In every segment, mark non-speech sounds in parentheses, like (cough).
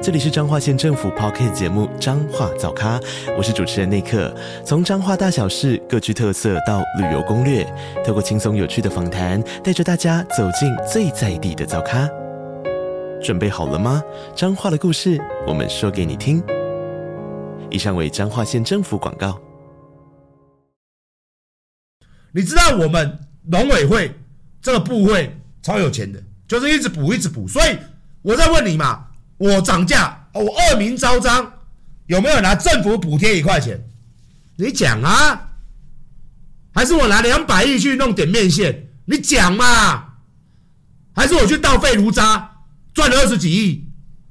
這裡是彰化縣政府 Podcast 節目《彰化早咖》，我是主持人內克。從彰化大小事各具特色到旅遊攻略，透過輕鬆有趣的訪談，帶着大家走進最在地的早咖。準備好了嗎？彰化的故事，我們說給你聽。以上為彰化縣政府廣告。你知道我們農委會這個部會超有錢的，就是一直補一直補，所以我在問你嘛。我漲價，我惡名昭彰，有沒有拿政府補貼一塊錢？你講啊？還是我拿兩百億去弄點麵線？你講嘛？還是我去倒廢爐渣賺了二十幾億？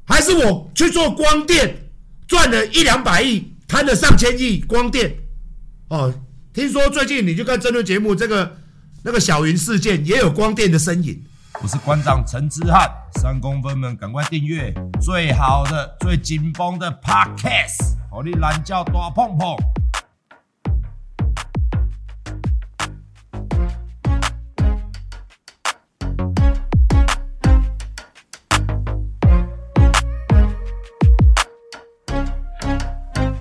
還是我去做光電賺了一兩百億，貪了上千億光電？哦，聽說最近你就看政論節目，這個那個小云事件也有光電的身影。我是館長陳之漢，三公分們趕快訂閱最好的、最緊繃的 Podcast。我哩懶叫大碰碰。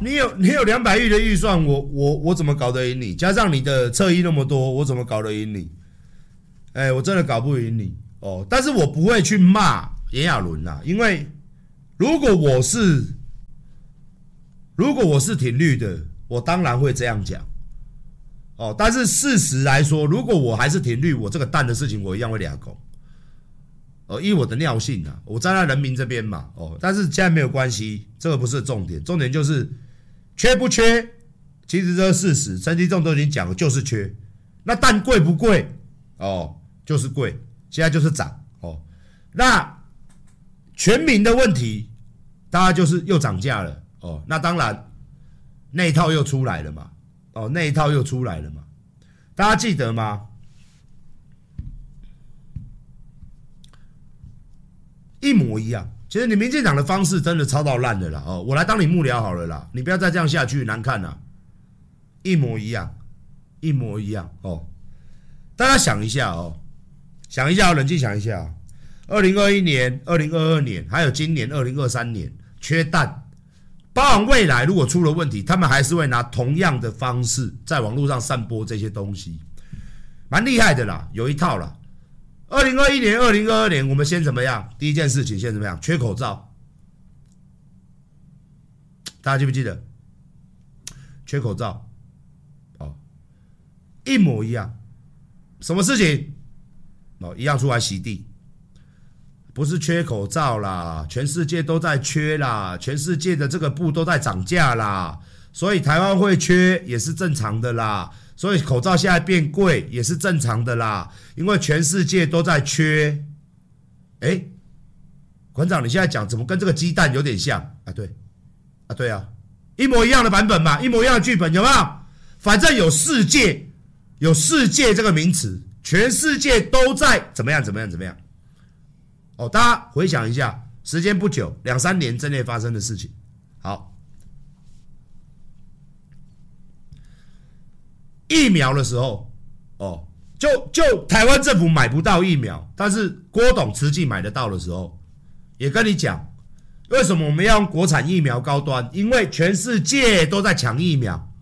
你有，你有兩百億的預算，我我我怎麼搞得贏你？加上你的側翼那麼多，我怎麼搞得贏你？哎、欸，我真的搞不贏你。哦，但是我不會去罵炎亞綸吶、啊，因為如果我是，如果我是挺綠的，我當然會這樣講。哦，但是事實來說，如果我還是挺綠，我這個蛋的事情我一樣會兩口。哦，以我的尿性啊，我站在人民這邊嘛。哦，但是現在沒有關係，這個不是重點，重點就是缺不缺？其實這是事實，陳吉仲都已經講了，就是缺。那蛋貴不貴？哦，就是貴。現在就是漲哦，那全民的問題，大家就是又漲價了哦，那當然那一套又出來了嘛，哦，那一套又出來了嘛，大家記得嗎？一模一樣，其實你民進黨的方式真的超到爛的啦哦，我來當你幕僚好了啦，你不要再這樣下去，難看啦、啊。一模一樣，一模一樣哦，大家想一下哦。想一下，冷靜想一下。二零二一年、二零二二年，還有今年二零二三年，缺蛋。包含未來，如果出了問題，他們還是會拿同樣的方式在網絡上散播這些東西，蠻厲害的啦，有一套啦。二零二一年、二零二二年，我們先怎麼樣？第一件事情，先怎麼樣？缺口罩，大家記不記得？缺口罩，哦，一模一樣，什麼事情？哦，一樣出來洗地，不是缺口罩啦，全世界都在缺啦，全世界的這個布都在漲價啦，所以台灣會缺也是正常的啦，所以口罩現在變貴也是正常的啦，因為全世界都在缺。哎、欸，館長，你現在講怎麼跟這個雞蛋有點像？啊對，啊對啊，一模一樣的版本嘛，一模一樣的劇本有沒有？反正有世界，有世界這個名詞。全世界都在怎麼樣怎麼樣怎麼樣，哦，大家回想一下，時間不久，兩三年之內發生的事情。好，疫苗的時候，哦，就就台灣政府買不到疫苗，但是郭董自己買得到的時候，也跟你講，為什麼我們要用國產疫苗高端？因為全世界都在搶疫苗，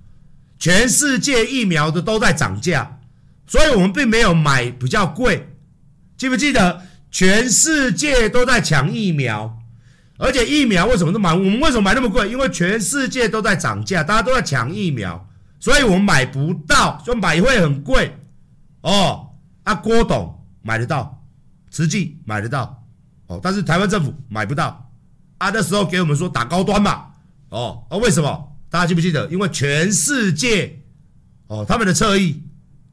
全世界疫苗的都在漲價。所以我們並沒有買比較貴，記不記得？全世界都在搶疫苗，而且疫苗為什麼都買？我們為什麼買那麼貴？因為全世界都在漲價，大家都在搶疫苗，所以我們買不到，就買會很貴哦。阿、啊、郭董買得到，慈濟買得到哦，但是台灣政府買不到啊。那時候給我們說打高端嘛，哦，啊，為什麼？大家記不記得？因為全世界哦，他們的側翼。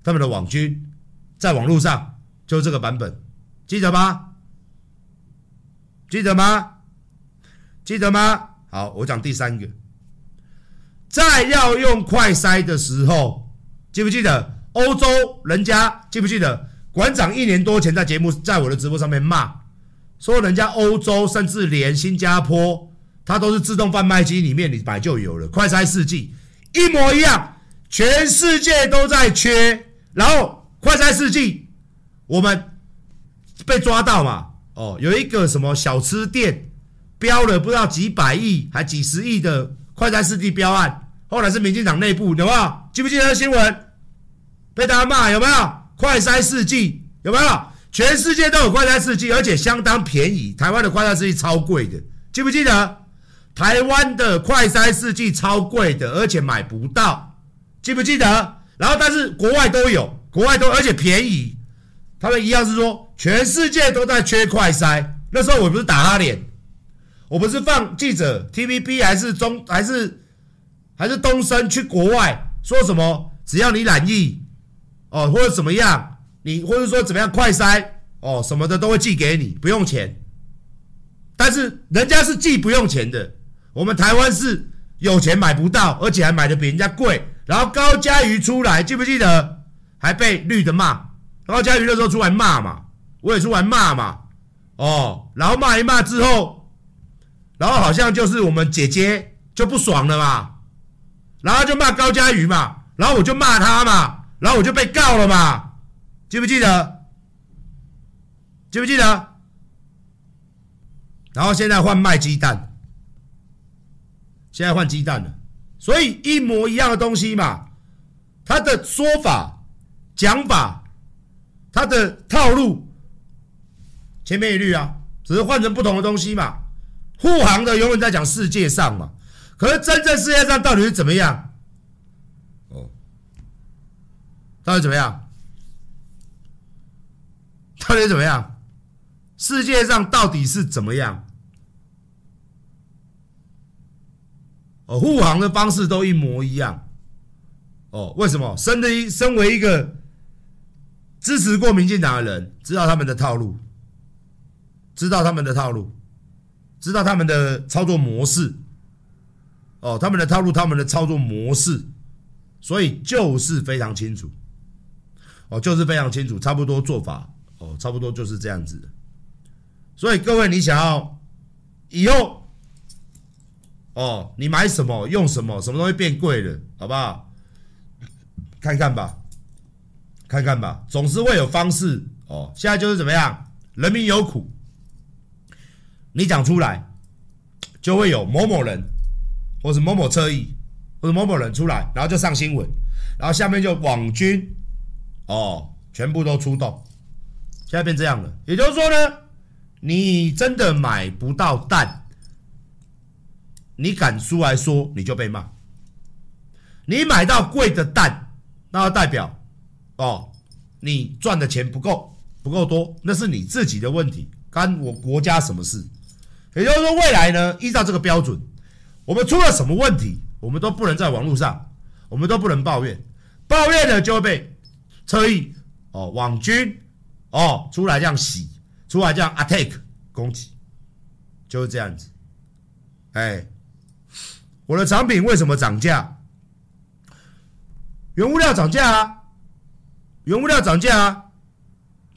他們的網軍在網絡上就這個版本，記得嗎？記得嗎？記得嗎？好，我講第三個，在要用快篩的時候，記不記得？歐洲人家記不記得？館長一年多前在節目，在我的直播上面罵，說人家歐洲，甚至連新加坡，他都是自動販賣機裡面你擺就有了，快篩試劑，一模一樣，全世界都在缺。然後快篩試劑，我們被抓到嘛？哦，有一個什麼小吃店標了不知道幾百億還幾十億的快篩試劑標案，後來是民進黨內部有沒有？記不記得新聞？被大家罵有沒有？快篩試劑有沒有？全世界都有快篩試劑，而且相當便宜。台灣的快篩試劑超貴的，記不記得？台灣的快篩試劑超貴的，而且買不到，記不記得？然後，但是國外都有，國外都而且便宜，他們一樣是說全世界都在缺快篩。那時候我不是打他臉，我不是放記者 TVB 還是中還是還是東森去國外說什麼只要你染疫哦，或者怎麼樣，你或者說怎麼樣快篩哦什麼的都會寄給你，不用錢。但是人家是寄不用錢的，我們台灣是有錢買不到，而且還買的比人家貴。然後高嘉瑜出來，記不記得？還被綠的罵。高嘉瑜那時候出來罵嘛，我也出來罵嘛。哦，然後罵一罵之後，然後好像就是我們姐姐就不爽了嘛，然後就罵高嘉瑜嘛，然後我就罵他嘛，然後我就被告了嘛，記不記得？記不記得？然後現在換賣雞蛋，現在換雞蛋了。所以一模一樣的東西嘛，他的說法、講法、他的套路千篇一律啊，只是換成不同的東西嘛。護航的永遠在講世界上嘛，可是真正世界上到底是怎麼樣？哦，到底怎麼樣？到底怎麼樣？世界上到底是怎麼樣？哦，護航的方式都一模一樣，哦，為什麼？身為身為一個支持過民進黨的人，知道他們的套路，知道他們的套路，知道他們的操作模式，哦，他們的套路，他們的操作模式，所以就是非常清楚，哦，就是非常清楚，差不多做法，哦，差不多就是這樣子的，所以各位，你想要以後？哦，你買什麼用什麼，什麼東西變貴了，好不好？看看吧，看看吧，總是會有方式哦。現在就是怎麼樣，人民有苦，你講出來，就會有某某人，或是某某側翼，或者某某人出來，然後就上新聞，然後下面就網軍，哦，全部都出動，現在變這樣了。也就是說呢，你真的買不到蛋。你敢出來說，你就被罵。你買到貴的蛋，那代表哦，你賺的錢不夠，不夠多，那是你自己的問題，干我國家什麼事？也就是說，未來呢，依照這個標準，我們出了什麼問題，我們都不能在網絡上，我們都不能抱怨，抱怨的就會被側翼哦，網軍哦，出來這樣洗，出來這樣 attack 攻擊，就是這樣子，哎、欸。我的產品為什麼漲價？原物料漲價啊，原物料漲價啊，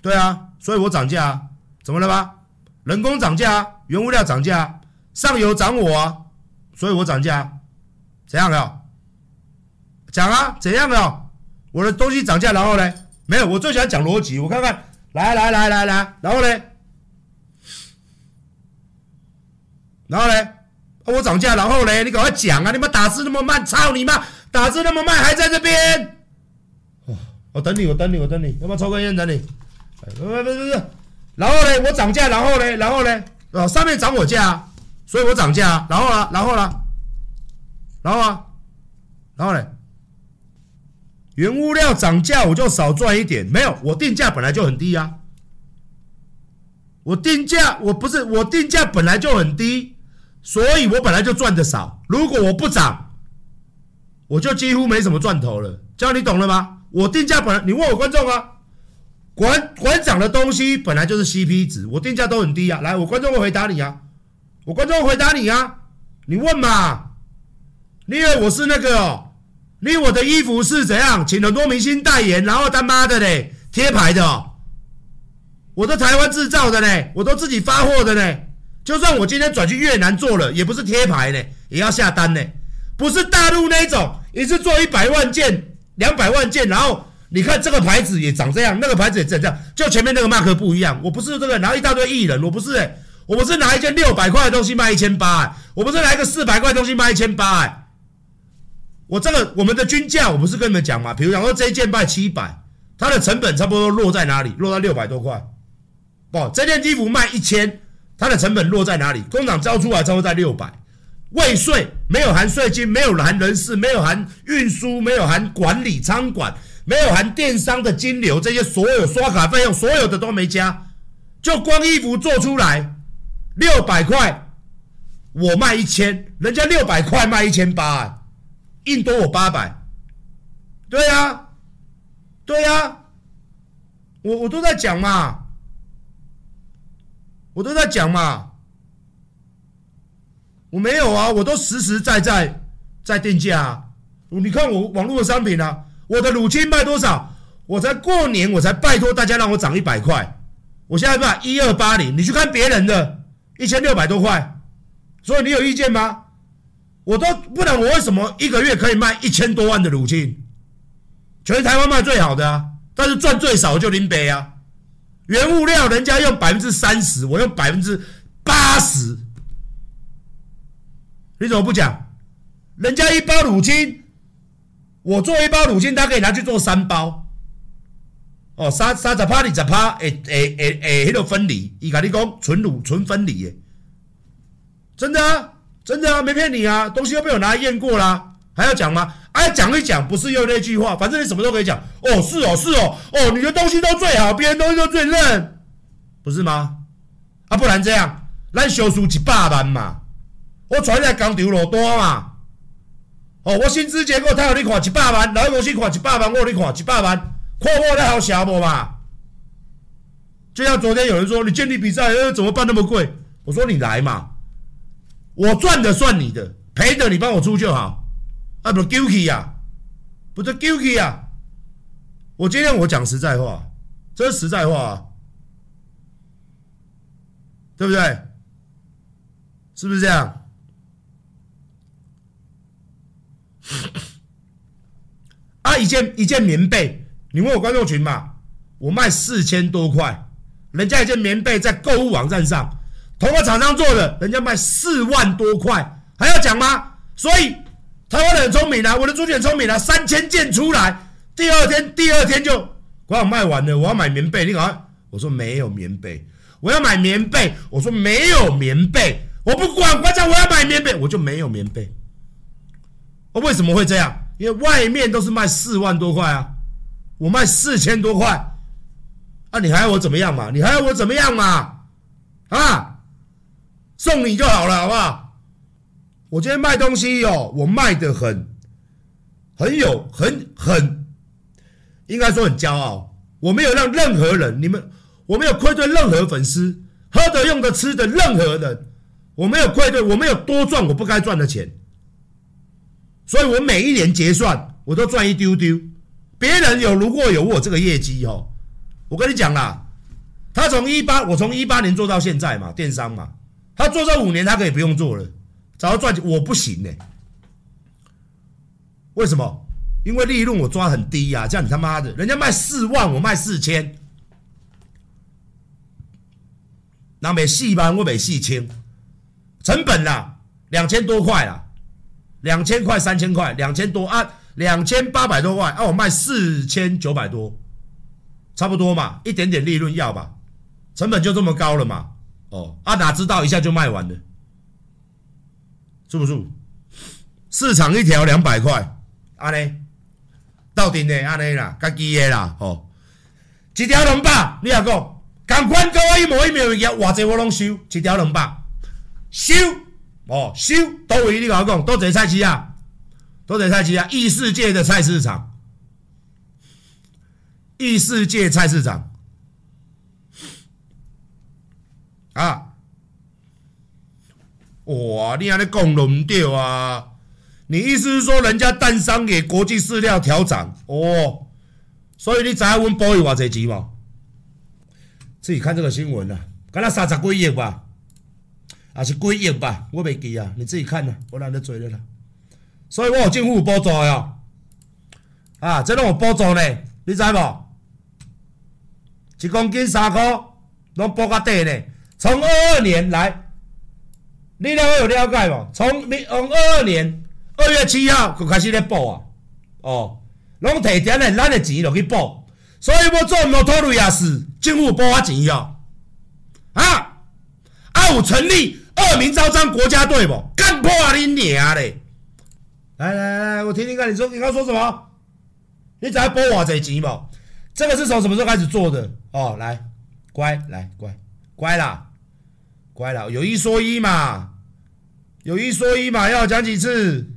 對啊，所以我漲價啊，怎麼了吧？人工漲價啊，原物料漲價啊，上游漲我啊，所以我漲價，怎樣沒有？講啊，怎樣沒有啊？我的東西漲價，然後嘞，沒有，我最喜歡講邏輯，我看看，來來來來來，然後嘞。然後嘞。我漲價，然後嘞，你趕快講啊！你們打字那麼慢，操你媽！打字那麼慢，還在這邊。我等你，我等你，我等你，要不要抽根菸我等你？不不不不不。然後嘞，我漲價，然後嘞，然後嘞，啊、哦！上面漲我價，啊，所以我漲價。然後呢、啊？然後呢、啊？然後啊？然後嘞。原物料漲價，我就少賺一點。沒有，我定價本來就很低啊。我定價，我不是，我定價本來就很低。所以我本來就賺的少，如果我不漲，我就幾乎沒什麼賺頭了。這樣你懂了嗎？我定價本來，你問我觀眾啊？館館長的東西本來就是 CP 值，我定價都很低啊。來，我觀眾會回答你啊，我觀眾會回答你啊，你問嘛？因為我是那個、哦，因為我的衣服是怎樣，請很多明星代言，然後他媽的嘞貼牌的，哦。我都台灣製造的呢，我都自己發貨的呢。就算我今天轉去越南做了，也不是貼牌呢，欸，也要下單呢，欸，不是大陸那種，也是做一百萬件、兩百萬件，然後你看這個牌子也長這樣，那個牌子也長這樣，就前面那個麥克不一樣，我不是這個，然後一大堆藝人，我不是哎，欸，我不是拿一件六百塊的東西賣一千八，我不是拿一個四百塊東西賣一千八，哎，我這個我們的均價，我不是跟你們講嘛，比如講說這一件賣七百，它的成本差不多落在哪裡？落到六百多塊，不，哦，這件衣服賣一千。它的成本落在哪裡？工廠招出來之後，在六百，未稅，沒有含稅金，沒有含人事，沒有含運輸，沒有含管理、倉管，沒有含電商的金流，這些所有刷卡費用，所有的都沒加，就光衣服做出來六百塊，我賣一千，人家六百塊賣一千八，硬多我八百，對呀、啊，對呀、啊，我我都在講嘛。我都在講嘛，我沒有啊，我都實實在在在定價啊。你看我網路的商品啊，我的乳清賣多少？我才過年，我才拜托大家讓我漲一百塊。我現在賣一二八零，你去看別人的，一千六百多塊。所以你有意見嗎？我都，不然我為什麼一個月可以賣一千多萬的乳清？全台灣賣最好的啊，但是賺最少就林北啊。原物料人家用百分之三十，我用百分之八十，你怎麼不講？人家一包乳清，我做一包乳清，他可以拿去做三包。哦，三三十趴，你十趴，誒誒誒哎，那種、個、分離，伊跟你講純乳純分離耶、欸，真的、啊、真的啊，沒騙你啊，東西都被我拿來驗過了、啊，還要講嗎？哎，講、啊、一講，不是又那句話，反正你什麼都可以講。哦，是哦，是哦，哦，你的東西都最好，別人東西都最爛，不是嗎？啊，不然這樣，咱銷售一百萬嘛，我傳來工廠落單嘛。哦，我薪資結構他有你款一百萬，然後我先看一百萬，我給你款一百萬，跨貨咱好笑無嘛？就像昨天有人說，你建立比賽呃怎麼辦那麼貴？我說你來嘛，我賺的算你的，賠的你幫我出就好。啊，不是 Gucci 呀，不是 Gucci 呀！我今天我講實在話，這是實在話啊，對不對？是不是這樣？ (laughs) 啊，一件一件棉被，你問我觀眾群嘛，我賣四千多塊，人家一件棉被在購物網站上，同個廠商做的，人家賣四萬多塊，還要講嗎？所以。他玩的很聰明啊，我的豬犬聰明啊，三千件出來，第二天第二天就管我賣完了，我要買棉被，你好，我說沒有棉被，我要買棉被，我說沒有棉被，我不管，館長我要買棉被，我就沒有棉被，我為什麼會這樣？因為外面都是賣四萬多塊啊，我賣四千多塊，啊，你還要我怎麼樣嘛？你還要我怎麼樣嘛？啊，送你就好了，好不好？我今天賣東西哦，我賣得很，很有，很很，應該說很驕傲。我沒有讓任何人，你們，我沒有愧對任何粉絲、喝的、用的、吃的任何人。我沒有愧對，我沒有多賺我不該賺的錢。所以我每一年結算，我都賺一丟丢。別人有如果有我這個業績哦，我跟你講啦，他從一八，我從一八年做到現在嘛，電商嘛，他做這五年，他可以不用做了。然後賺錢我不行呢、欸，為什麼？因為利潤我抓很低呀、啊。這樣你他媽的，人家賣四萬，我賣四千，那賣四萬我賣四千，成本啦兩千多塊啦，兩千塊三千塊兩千多啊兩千八百多塊、啊、我賣四千九百多，差不多嘛，一點點利潤要吧，成本就這麼高了嘛。哦啊哪知道一下就賣完了。是不是？市場一條兩百塊，安尼到底的安尼啦，家己誒啦，吼、喔。一條兩百，汝也講，同廣告一模一樣，無一秒營業，我儕我攏收一條兩百，收哦、喔，收多位，汝。甲我講，多些菜市啊，多些菜市啊，異世界的菜市場，異世界菜市場，啊。哇！你安尼講攏唔對啊？你意思是說人家蛋商給國際飼料調漲哦？所以你知影阮補伊偌濟錢無？自己看這個新聞啊，敢若三十幾億吧，抑是幾億吧？我袂記啊，你自己看啊，我懶得做你啦。所以我有政府有補助的哦，啊，這攏有補助呢，你知無？一公斤三塊，攏補卡低呢，從二二年來。你了有了解無？從你從二二年二月七號就開始咧補啊，哦，攏提前咧咱的錢落去補。所以要做摩托瑞亞斯政府補我錢哦，啊，啊有成立惡名昭彰國家隊無？幹破、啊、你娘咧來來來，我聽聽看，你說你剛說什麼？你知啊補我偌濟錢無？這個是從什麼時候開始做的？哦，來，乖，來乖，乖，乖啦，乖啦，有一說一嘛。有一說一嘛，要講幾次？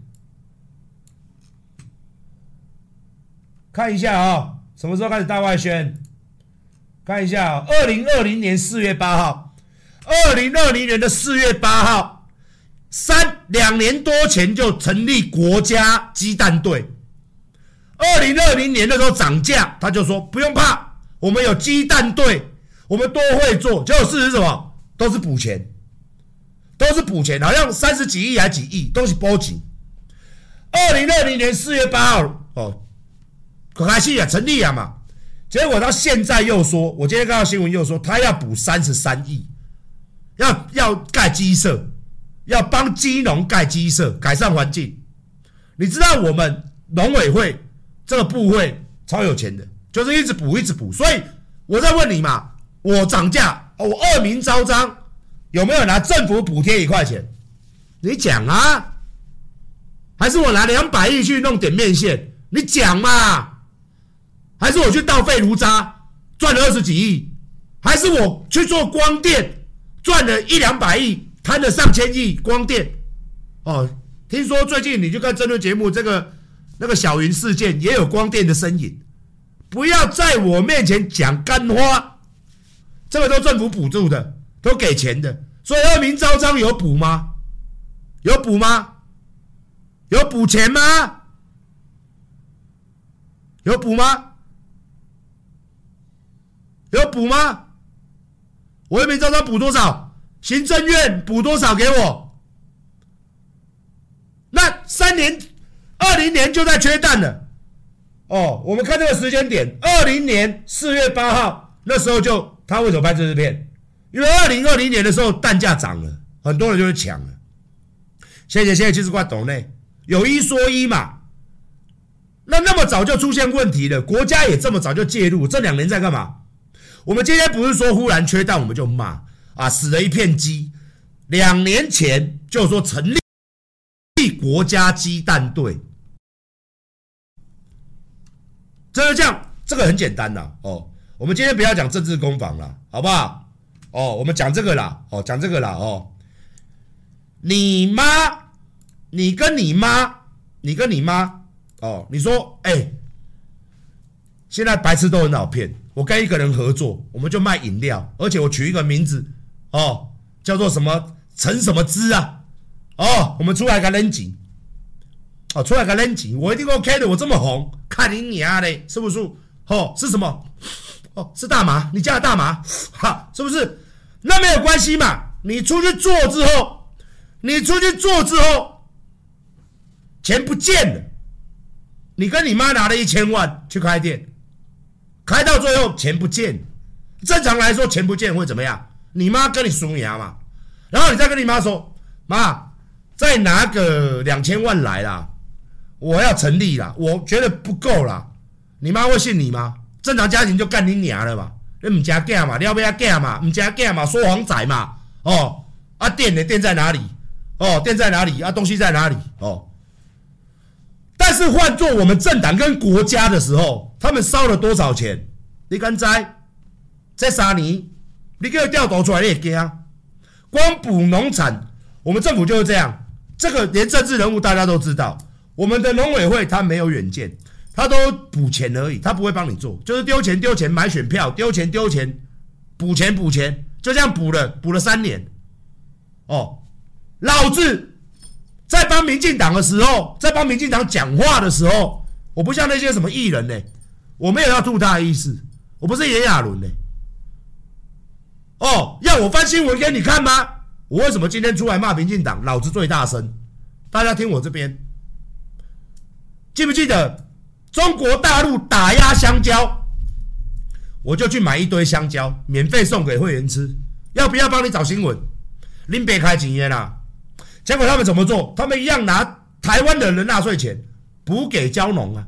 看一下啊，什麼時候開始大外宣？看一下啊，二零二零年四月八號，二零二零年的四月八號，三兩年多前就成立國家雞蛋隊。二零二零年的時候漲價，他就說不用怕，我們有雞蛋隊，我們都會做。就事實是什麼？都是補錢。都是補錢，好像三十幾億還是幾億，都是撥錢。二零二零年四月八號，哦，可開心啊，成立啊嘛，結果到現在又說，我今天看到新聞又說，他要補三十三億，要要蓋雞舍，要幫雞農蓋雞舍，改善環境。你知道我們農委會這個部會超有錢的，就是一直補一直補，所以我在問你嘛，我漲價，我惡名昭彰。有沒有拿政府補貼一塊錢？你講啊？還是我拿兩百億去弄點麵線？你講嘛？還是我去倒廢爐渣賺了二十幾億？還是我去做光電賺了一兩百億，貪了上千億？光電哦，聽說最近你就看政論節目，這個那個小雲事件也有光電的身影。不要在我面前講幹話，這個都政府補助的，都給錢的。所以惡名昭彰有補嗎？有補嗎？有補錢嗎？有補嗎？有補嗎？我一名昭彰補多少？行政院補多少給我？那三年，二零年就在缺蛋了。哦，我們看這個時間點，二零年四月八號那時候就，他為什麼拍這支片？因為二零二零年的時候，蛋價漲了，很多人就會搶了。現在現在其實怪懂內，有一說一嘛，那那麼早就出現問題了，國家也這麼早就介入。這兩年在幹嘛？我們今天不是說忽然缺蛋，我們就罵啊，死了一片雞。兩年前就說成立立國家雞蛋隊，真的這樣，這個很簡單的哦，我們今天不要講政治攻防了，好不好？哦，我們講這個啦，哦，講這個啦，哦，你媽，你跟你媽，你跟你媽，哦，你說，哎、欸，現在白痴都很好騙。我跟一個人合作，我們就賣飲料，而且我取一個名字，哦，叫做什麼陳什麼汁啊，哦，我們出來個人情哦，出來個人情我一定 o 開的，我這麼紅，看你娘嘞，是不是？哦，是什麼？哦，是大麻，你叫大麻，哈，是不是？那沒有關係嘛？你出去做之後，你出去做之後，錢不見了。你跟你媽拿了一千萬去開店，開到最後錢不見。正常來說，錢不見會怎麼樣？你媽跟你數你啊嘛？然後你再跟你媽說，媽，再拿個兩千萬來啦，我要成立啦，我覺得不夠啦。你媽會信你嗎？正常家庭就幹你娘了吧。你唔假假嘛，你要不起假嘛，唔假假嘛，說謊仔嘛，哦，啊蛋的蛋在哪裡？哦，蛋在哪裡？啊東西在哪裡？哦，但是換做我們政黨跟國家的時候，他們燒了多少錢？你敢知道，這三年，你給我調頭出來你也驚，光補農產，我們政府就是這樣。這個連政治人物大家都知道，我們的農委會他沒有遠見。他都補錢而已，他不會幫你做，就是丟錢丟錢買選票，丟錢丟錢補錢補錢，就這樣補了補了三年。哦，老子在幫民進黨的時候，在幫民進黨講話的時候，我不像那些什麼藝人呢、欸，我沒有要吐他的意思，我不是炎亞綸呢。哦，要我翻新聞給你看嗎？我為什麼今天出來罵民進黨？老子最大聲，大家聽我這邊，記不記得？中國大陸打壓香蕉，我就去買一堆香蕉，免費送給會員吃，要不要幫你找新聞？另別開禁菸啦。結果他們怎麼做？他們一樣拿台灣的人納稅錢補給蕉農啊。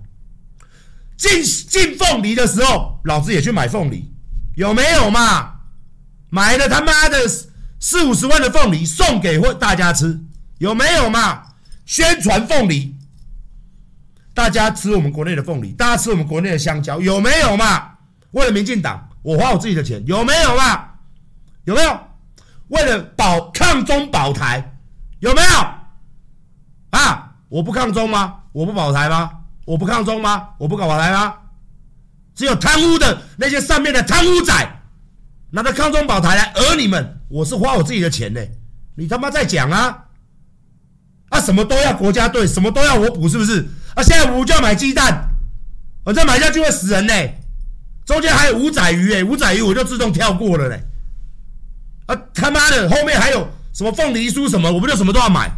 進進鳳梨的時候，老子也去買鳳梨，有沒有嘛？買了他媽的四五十萬的鳳梨，送給大家吃，有沒有嘛？宣傳鳳梨。大家吃我們國內的鳳梨，大家吃我們國內的香蕉，有沒有嘛？為了民進黨，我花我自己的錢，有沒有嘛？有沒有？為了保抗中保台，有沒有？啊，我不抗中嗎？我不保台嗎？我不抗中嗎？我不搞保台嗎？只有貪污的那些上面的貪污仔，拿着抗中保台來訛你們。我是花我自己的錢呢，你他媽在講啊？啊，什麼都要國家隊，什麼都要我補，是不是？我現在五就要買雞蛋，我再買下去會死人嘞、欸！中間還有五仔魚、欸、五仔魚我就自動跳過了嘞、欸。啊他媽的，後面還有什麼鳳梨酥什麼，我不就什麼都要買？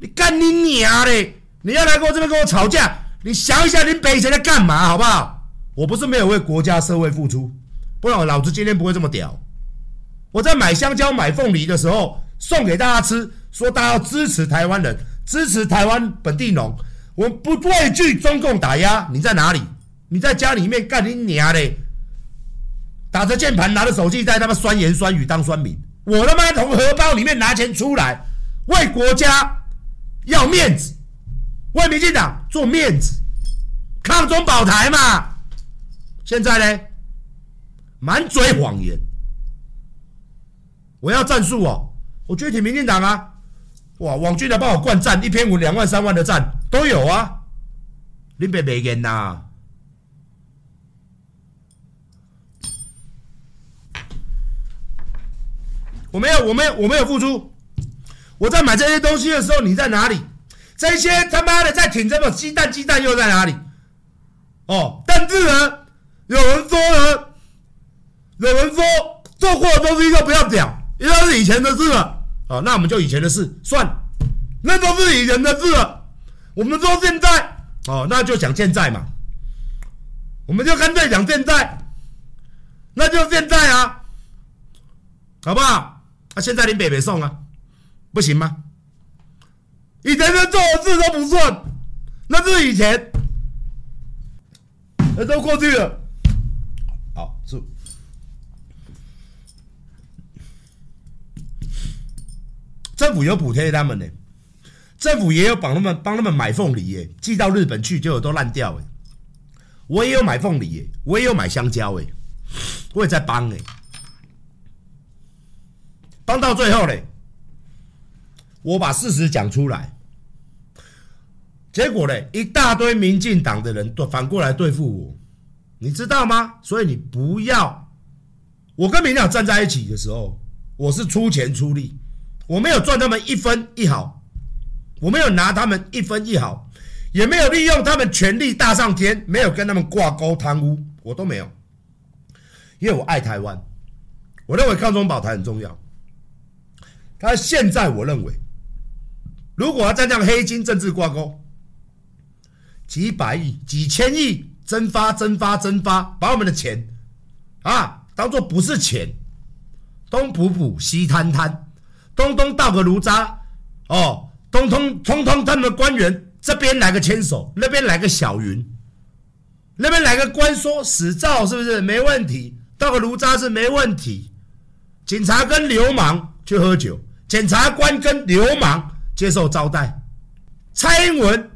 你幹你娘嘞！你要來跟我這邊跟我吵架，你想一下你北前在幹嘛，好不好？我不是沒有為國家社會付出，不然我老子今天不會這麼屌。我在買香蕉買鳳梨的時候送給大家吃，說大家要支持臺灣人，支持臺灣本地農。我不畏懼中共打壓，你在哪裡？你在家裡面幹你娘的。打着鍵盤，拿着手機，在他媽酸言酸語當酸民。我他媽從荷包裡面拿錢出來，為國家要面子，為民進黨做面子，抗中保台嘛！現在呢，滿嘴謊言。我要戰術哦，我支持民進黨啊！哇，網軍來幫我灌讚，一篇文兩萬三萬的讚。都有啊，你別別癮吶！我沒有，我沒有，我沒有付出。我在買這些東西的時候，你在哪裡？這些他媽的在挺這個雞蛋，雞蛋又在哪裡？哦，但是呢，有人說呢，有人說做過的東西就不要講，因為那是以前的事了。哦，那我們就以前的事算，那都是以前的事了。我們說現在哦，那就講現在嘛，我們就乾脆講現在，那就現在啊，好不好？啊，現在你白白送啊，不行嗎？以前的做的事都不算，那是以前，那都過去了。好，是政府有補貼他們的。政府也有幫他們幫他們買鳳梨耶，寄到日本去，結果都爛掉哎。我也有買鳳梨耶，我也有買香蕉哎，我也在幫哎，幫到最後嘞，我把事實講出來，結果嘞一大堆民進黨的人都反過來對付我，你知道嗎？所以你不要，我跟民進黨站在一起的時候，我是出錢出力，我沒有賺他們一分一毫。我沒有拿他們一分一毫，也沒有利用他們權力大上天，沒有跟他們掛鈎貪污，我都沒有。因為我愛台灣，我認為抗中保台很重要。他現在我認為，如果他再這樣黑金政治掛鈎，幾百億、幾千億蒸發、蒸發、蒸發，把我們的錢啊當做不是錢，東補補西貪貪，東東倒個爐渣哦。通通通通，通通他們官員這邊來個牽手，那邊來個小雲，那邊來個官說死造是不是？沒問題，倒個爐渣是沒問題。警察跟流氓去喝酒，檢察官跟流氓接受招待。蔡英文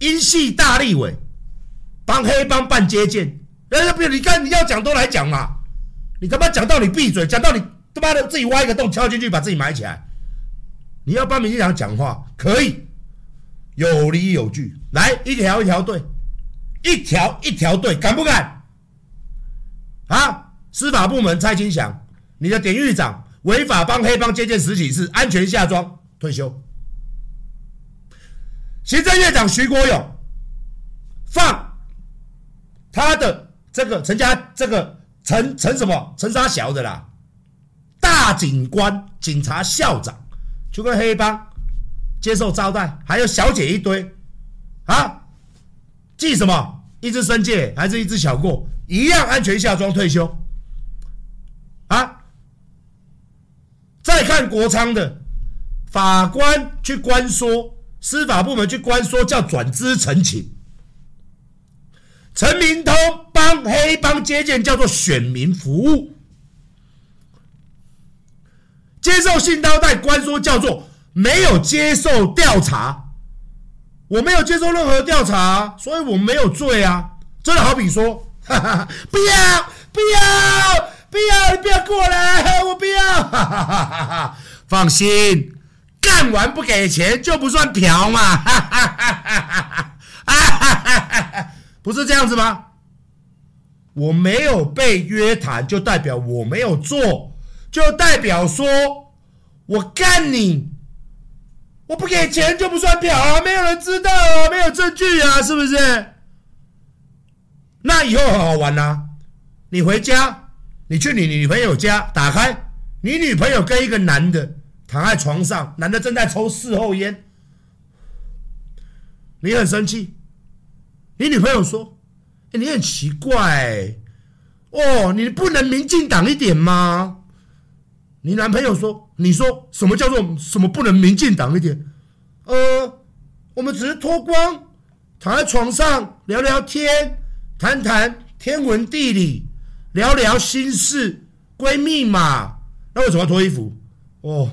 英系大立委幫黑幫辦接見，哎，不，你看你要講都來講嘛，你他媽講道理閉嘴，講道理他媽的自己挖一個洞跳進去把自己埋起來。你要幫民進黨講話可以，有理有據，來一條一條對，一條一條對，敢不敢？啊！司法部門蔡清祥，你的典獄長違法幫黑幫接見十幾次，安全下莊退休。行政院長徐國勇，放他的這個陳家這個陳陳什麼陳沙小的啦，大警官警察校長。就跟黑幫，接受招待，還有小姐一堆，啊，記什麼？一只申誡還是一只小過，一樣安全下莊退休，啊！再看國昌的法官去關說，司法部門去關說叫轉資陳情，陳明通幫黑幫接見叫做選民服務。接受性招待、關說、教唆，沒有接受調查，我沒有接受任何調查，所以我沒有罪啊！真的好比說，不要不要不要，你不，不，不，不要過來，我不要，哈哈哈哈，放心，幹完不給錢就不算嫖嘛哈哈哈哈、啊哈哈哈哈，不是這樣子嗎？我沒有被約談，就代表我沒有做。就代表說，我幹你！我不給錢就不算嫖啊！沒有人知道啊，沒有證據啊，是不是？那以後很好，好玩啊！你回家，你去你女朋友家，打開，你女朋友跟一個男的躺在床上，男的正在抽事後菸。你很生氣，你女朋友說：“欸、你很奇怪哦，你不能民進黨一點嗎？”你男朋友說：“你說什麼叫做什麼不能民進黨一點？呃，我們只是脫光躺在床上聊聊天，談談天文地理，聊聊心事，閨蜜嘛。那為什麼要脫衣服？哦，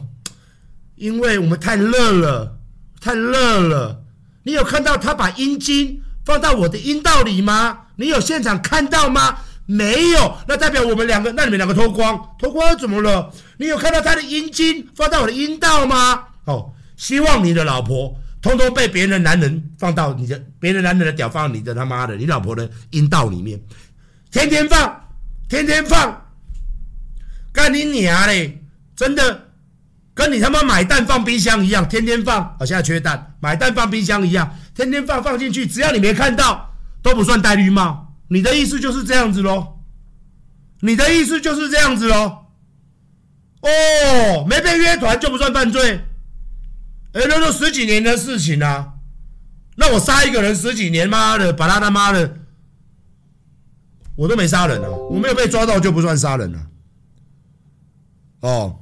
因為我們太熱了，太熱了。你有看到他把陰莖放到我的陰道裡嗎？你有現場看到嗎？”沒有，那代表我們兩個，那你們兩個脫光脫光又怎麼了？你有看到他的陰莖放到我的陰道嗎？哦，希望你的老婆通通被別人的男人放到你的，別人的男人的屌放你的他媽的，你老婆的陰道裡面，天天放，天天放，幹你娘嘞！真的，跟你他媽買蛋放冰箱一樣，天天放，好像缺蛋，買蛋放冰箱一樣，天天放放進去，只要你沒看到，都不算戴綠帽。你的意思就是這樣子嘍？你的意思就是這樣子嘍？哦，沒被約談就不算犯罪？哎、欸，那都十幾年的事情啦、啊。那我殺一個人十幾年，媽的，把他他媽的，我都沒殺人啊，我沒有被抓到就不算殺人了、啊。哦，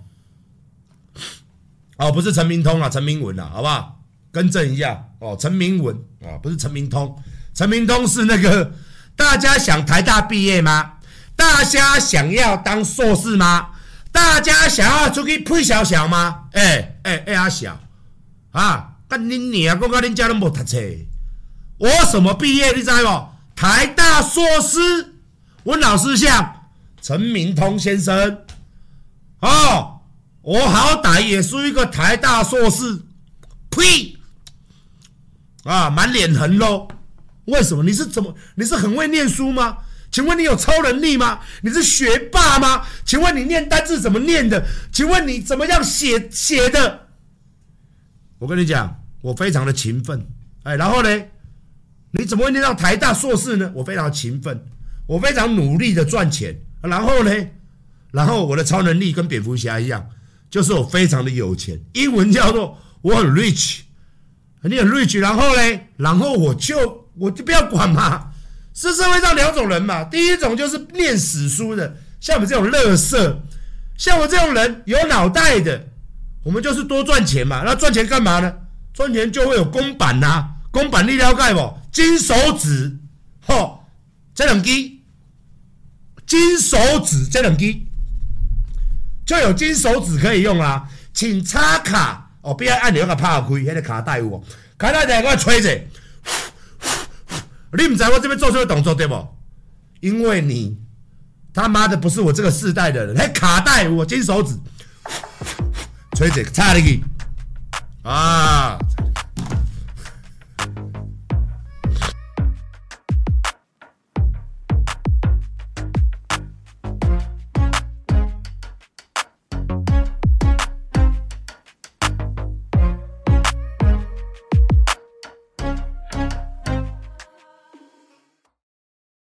哦，不是陳明通啊，陳明文啊，好不好？更正一下，哦，陳明文啊、哦，不是陳明通，陳明通是那個。大家想台大畢業嗎？大家想要當碩士嗎？大家想要出去配小小嗎？哎哎哎呀小，啊！幹你娘跟你！我靠，你家人都無讀冊。我什麼畢業？你知道嗎？台大碩士。我老師像陳明通先生，哦，我好歹也是一個台大碩士，呸！啊，滿臉橫肉。為什麼？你是怎麼？你是很會念書嗎？請問你有超能力嗎？你是學霸嗎？請問你念單字怎麼念的？請問你怎麼樣寫寫的？我跟你講，我非常的勤奮。哎，然後呢？你怎麼會念到台大碩士呢？我非常的勤奮，我非常努力的賺錢。然後呢？然後我的超能力跟蝙蝠俠一樣，就是我非常的有錢。英文叫做我很 rich，你很 rich。然後呢？然後我就。我就不要管嘛，是社會上兩種人嘛。第一種就是念死書的，像我們這種樂色，像我這種人有腦袋的，我們就是多賺錢嘛。那賺錢幹嘛呢？賺錢就會有公板吶，公板立撩蓋不？金手指，吼，這兩 G，金手指這兩 G，就有金手指可以用啦、啊，請插卡哦，不要按你個拍開，那個卡帶我、哦，卡帶，帶我吹着你唔知我這邊做出的動作，對不對？因為你他媽的不是我這個世代的人，來卡帶我金手指，錘子擦你去，啊！